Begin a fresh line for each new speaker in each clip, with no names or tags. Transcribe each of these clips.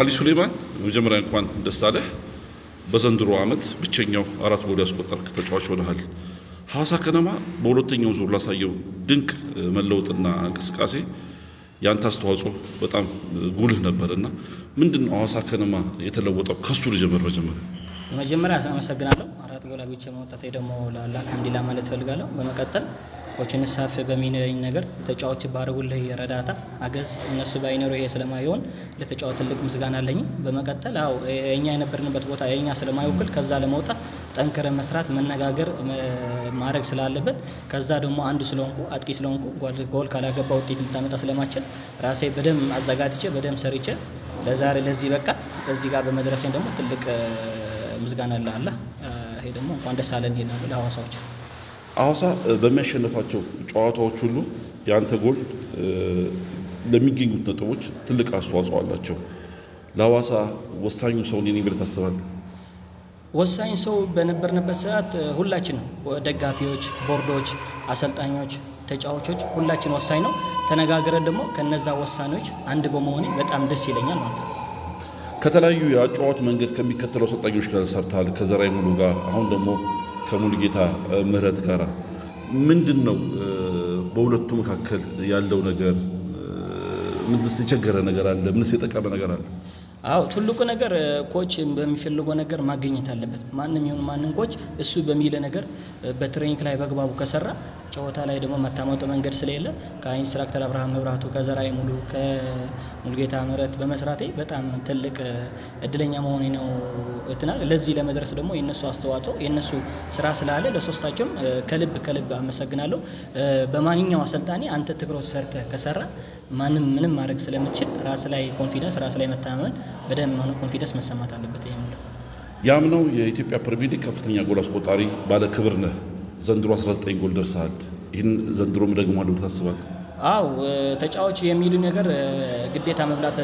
አሊ ሱሌማን መጀመሪያ እንኳን ደስ አለህ። በዘንድሮ ዓመት ብቸኛው አራት ጎል ያስቆጠርክ ተጫዋች ሆነሃል። ሐዋሳ ከነማ በሁለተኛው ዙር ላሳየው ድንቅ መለወጥና እንቅስቃሴ ያንተ አስተዋጽኦ በጣም ጉልህ ነበር እና ምንድን ነው ሐዋሳ ከነማ የተለወጠው? ከሱ ልጀምር። መጀመሪያ
በመጀመሪያ አመሰግናለሁ። አራት ጎል አግብቼ መውጣቴ ደግሞ ለአልሐምዱሊላህ ማለት እፈልጋለሁ። በመቀጠል ኦችንሳፍ በሚነኝ ነገር ተጫዋች ባረጉልህ የረዳታ አገዝ እነሱ ባይኖሩ ይሄ ስለማይሆን ለተጫዋች ትልቅ ምስጋና አለኝ። በመቀጠል አው እኛ የነበርንበት ቦታ የኛ ስለማይወክል ከዛ ለመውጣት ጠንክረ መስራት፣ መነጋገር ማድረግ ስላለብን ከዛ ደግሞ አንዱ ስለሆንኩ አጥቂ ስለሆንኩ ጎል ካላገባ ውጤት ልታመጣ ስለማችል ራሴ በደም አዘጋጅቼ በደም ሰርቼ ለዛሬ ለዚህ በቃ እዚህ ጋር በመድረሴን ደግሞ ትልቅ ምስጋና ላለ ይሄ ደግሞ እንኳን ደስ አለን ይሄ ነው ለሐዋሳዎች
አዋሳ በሚያሸንፋቸው ጨዋታዎች ሁሉ የአንተ ጎል ለሚገኙት ነጥቦች ትልቅ አስተዋጽኦ አላቸው። ለአዋሳ ወሳኙ ሰው እኔ ነኝ ብለህ ታስባለህ?
ወሳኝ ሰው በነበርንበት ሰዓት ሁላችን ደጋፊዎች፣ ቦርዶች፣ አሰልጣኞች፣ ተጫዋቾች ሁላችን ወሳኝ ነው። ተነጋግረን ደግሞ ከነዛ ወሳኞች አንድ በመሆኔ በጣም ደስ ይለኛል ማለት ነው።
ከተለያዩ የአጨዋወት መንገድ ከሚከተለው አሰልጣኞች ጋር ሰርታል። ከዘራይ ሙሉ ጋር አሁን ደግሞ ከሙሉጌታ ምህረት ጋር ምንድን ነው በሁለቱ መካከል ያለው ነገር? ምንስ የቸገረ ነገር አለ? ምንስ የጠቀመ ነገር አለ?
አው ትልቁ ነገር ኮች በሚፈልገው ነገር ማገኘት አለበት። ማንም ይሁን ማንም ኮች እሱ በሚለ ነገር በትሬኒንግ ላይ በግባቡ ከሰራ ጨዋታ ላይ ደግሞ መታመጡ መንገድ ስለሌለ ከኢንስትራክተር አብርሃም መብራቱ ከዘራይ ሙሉ ከሙልጌታ ምረት በመስራቴ በጣም ትልቅ እድለኛ መሆን ነው እትናል። ለዚህ ለመድረስ ደግሞ የነሱ አስተዋጽኦ የነሱ ስራ ስላለ ለሶስታቸውም ከልብ ከልብ አመሰግናለሁ። በማንኛው አሰልጣኒ አንተ ትኩረት ሰርተ ከሰራ ማንም ምንም ማድረግ ስለምትችል ራስ ላይ ኮንፊደንስ፣ ራስ ላይ መታመን በደንብ ሆነ ኮንፊደንስ መሰማት አለበት። ይሄ
ያም ነው የኢትዮጵያ ፕሪሚየር ሊግ ከፍተኛ ጎል አስቆጣሪ ባለ ክብር ነህ። ዘንድሮ 19 ጎል ደርሰሃል። ይህን ዘንድሮም ደግሞ ታስባል?
አው ተጫዋች የሚሉ ነገር ግዴታ መብላት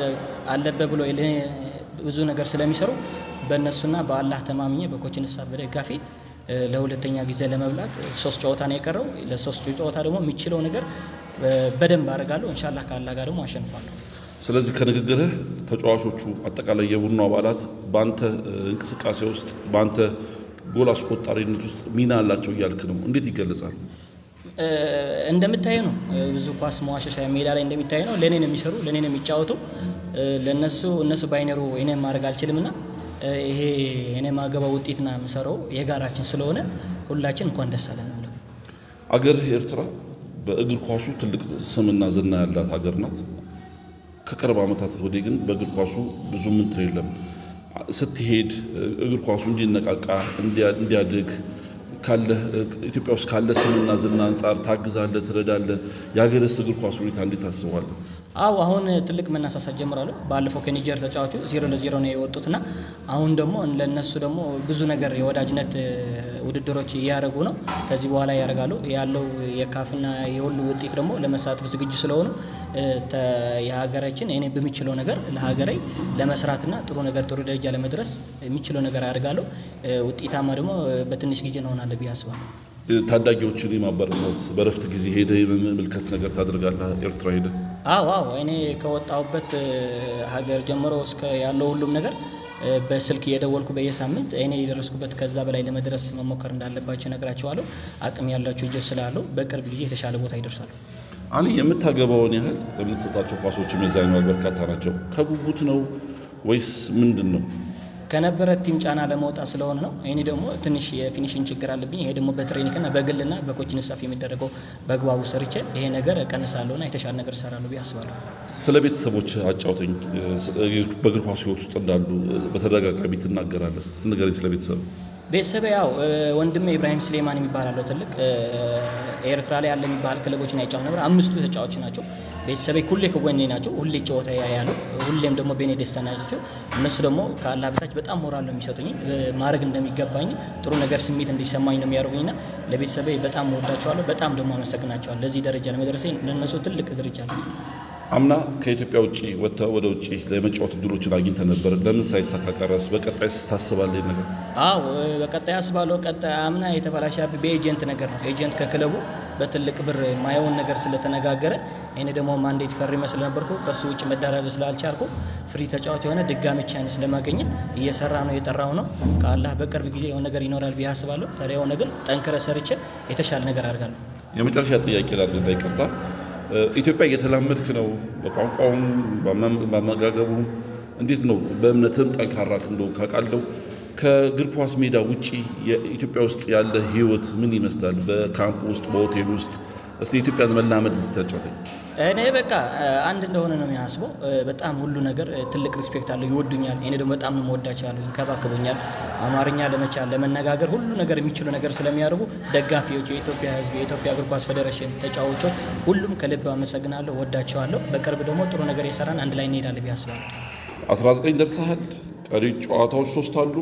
አለበት ብሎ ብዙ ነገር ስለሚሰሩ በእነሱና በአላህ ተማምኜ በኮችንሳ በደጋፊ ለሁለተኛ ጊዜ ለመብላት ሶስት ጨዋታ ነው የቀረው። ለሶስቱ ጨዋታ ደግሞ የሚችለው ነገር በደንብ አደርጋለሁ። እንሻላ ከአላ ጋር ደግሞ አሸንፋለሁ።
ስለዚህ ከንግግርህ ተጫዋቾቹ፣ አጠቃላይ የቡድኑ አባላት በአንተ እንቅስቃሴ ውስጥ በአንተ ጎል አስቆጣሪነት ውስጥ ሚና አላቸው እያልክ ነው። እንዴት ይገለጻል?
እንደምታይ ነው። ብዙ ኳስ መዋሸሻ ሜዳ ላይ እንደሚታይ ነው። ለእኔ ነው የሚሰሩ፣ ለእኔ ነው የሚጫወቱ። ለእነሱ እነሱ ባይኖሩ እኔ ማድረግ አልችልም ና ይሄ እኔ ማገባ ውጤት ና የምሰራው የጋራችን ስለሆነ ሁላችን እንኳን ደስ አለን።
አገር ኤርትራ በእግር ኳሱ ትልቅ ስምና ዝና ያላት ሀገር ናት። ከቅርብ ዓመታት ወዲህ ግን በእግር ኳሱ ብዙ ምንትር የለም። ስትሄድ እግር ኳሱ እንዲነቃቃ እንዲያድግ ኢትዮጵያ ውስጥ ካለ ስምና ዝና አንጻር ትረዳለ የሀገር የሀገርስ እግር ኳስ ሁኔታ እንዴት ታስበዋለህ?
አው አሁን ትልቅ መነሳሳት ጀምራሉ። ባለፈው ከኒጀር ተጫዋቹ ዜሮ ለዜሮ ነው የወጡት እና አሁን ደግሞ ለነሱ ደግሞ ብዙ ነገር የወዳጅነት ውድድሮች እያደረጉ ነው። ከዚህ በኋላ ያደርጋሉ ያለው የካፍና የሁሉ ውጤት ደግሞ ለመሳተፍ ዝግጁ ስለሆኑ የሀገራችን እኔ በሚችለው ነገር ለሀገሬ ለመስራትና ጥሩ ነገር ጥሩ ደረጃ ለመድረስ የሚችለው ነገር ያደርጋሉ። ውጤታማ ደግሞ በትንሽ ጊዜ እንሆናለን ብዬ አስባለሁ።
ታዳጊዎችን የማበረታት በረፍት ጊዜ ሄደ የመመልከት ነገር ታደርጋለህ? ኤርትራ ሄደ?
አዎ አዎ፣ እኔ ከወጣሁበት ሀገር ጀምሮ እስከ ያለው ሁሉም ነገር በስልክ እየደወልኩ በየሳምንት እኔ የደረስኩበት ከዛ በላይ ለመድረስ መሞከር እንዳለባቸው አለው አቅም ያላቸው እጆች ስላለው በቅርብ ጊዜ የተሻለ ቦታ ይደርሳሉ።
አሊ የምታገባውን ያህል የምትሰጣቸው ኳሶችም የዛን በርካታ ናቸው። ከጉጉት ነው ወይስ ምንድን ነው?
ከነበረት ቲም ጫና ለመውጣት ስለሆነ ነው። እኔ ደግሞ ትንሽ የፊኒሽን ችግር አለብኝ። ይሄ ደግሞ በትሬኒንግና በግልና በኮችን ስታፍ የሚደረገው በግባቡ ሰርቼ ይሄ ነገር እቀንሳለሁና የተሻለ ነገር እሰራለሁ ብዬ አስባለሁ።
ስለ ቤተሰቦች አጫውተኝ። በእግር ኳሱ ሕይወት ውስጥ እንዳሉ በተደጋጋሚ ትናገራለህ። ንገረኝ ስለ ቤተሰብ።
ቤተሰብ ያው ወንድሜ ኢብራሂም ስሌማን የሚባል አለው ትልቅ ኤርትራ ላይ ያለ የሚባል ና ያጫወት ነበር። አምስቱ ተጫዋች ናቸው። ቤተሰቤ ሁሌ ከጎኔ ናቸው። ሁሌ ጨዋታ ያያሉ። ሁሌም ደግሞ በእኔ ደስታ ናቸው። እነሱ ደግሞ ከአላህ በታች በጣም ሞራል ነው የሚሰጡኝ። ማድረግ እንደሚገባኝ ጥሩ ነገር ስሜት እንዲሰማኝ ነው የሚያደርጉኝ ና ለቤተሰቤ በጣም ወዳቸዋለሁ። በጣም ደግሞ አመሰግናቸዋል። ለዚህ ደረጃ ለመድረሴ ለእነሱ ትልቅ ደረጃ ነው።
አምና ከኢትዮጵያ ውጭ ወጥተህ ወደ ውጭ ለመጫወት እድሎችን አግኝተህ ነበር። ለምን ሳይሳካ ቀረስ? በቀጣይ ታስባለህ
ነገር? አዎ በቀጣይ አስባለሁ። ቀጣይ አምና የተበላሸብኝ በኤጀንት ነገር ነው። ኤጀንት ከክለቡ በትልቅ ብር የማየውን ነገር ስለተነጋገረ እኔ ደግሞ ማንዴት ፈሪ መስል ነበርኩ። ከሱ ውጭ መደራደር ስላልቻልኩ ፍሪ ተጫዋች የሆነ ድጋሚ ቻንስ ለማግኘት እየሰራ ነው የጠራው ነው። ከአላህ በቅርብ ጊዜ የሆነ ነገር ይኖራል ብዬ አስባለሁ። ታዲያ የሆነ ግን ጠንክረ ሰርቼ የተሻለ ነገር አድርጋለሁ።
የመጨረሻ ጥያቄ ላይ እንዳይቀርታ ኢትዮጵያ እየተላመድክ ነው። በቋንቋውም በአመጋገቡ እንዴት ነው? በእምነትም ጠንካራ እንደሆን ካቃለው ከእግር ኳስ ሜዳ ውጪ የኢትዮጵያ ውስጥ ያለ ህይወት ምን ይመስላል? በካምፕ ውስጥ፣ በሆቴል ውስጥ እስቲ ኢትዮጵያን መላመድ ልትጫወተኝ።
እኔ በቃ አንድ እንደሆነ ነው የሚያስበው። በጣም ሁሉ ነገር ትልቅ ሪስፔክት አለው፣ ይወዱኛል። እኔ ደግሞ በጣም እወዳቸዋለሁ፣ ይንከባከቡኛል። አማርኛ ለመቻል ለመነጋገር፣ ሁሉ ነገር የሚችሉ ነገር ስለሚያደርጉ ደጋፊዎች፣ የኢትዮጵያ ሕዝብ፣ የኢትዮጵያ እግር ኳስ ፌዴሬሽን፣ ተጫዋቾች፣ ሁሉም ከልብ አመሰግናለሁ፣ ወዳቸዋለሁ። በቅርብ ደግሞ ጥሩ ነገር የሰራን አንድ ላይ እንሄዳለን ብዬ አስባለሁ።
19 ደርሰሃል። ቀሪ ጨዋታዎች ሶስት አሉ።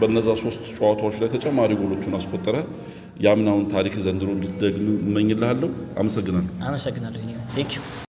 በነዛ ሶስት ጨዋታዎች ላይ ተጨማሪ ጎሎቹን አስቆጠረ። የአምናውን ታሪክ ዘንድሮ እንድትደግም እመኝልሃለሁ። አመሰግናለሁ። አመሰግናለሁ።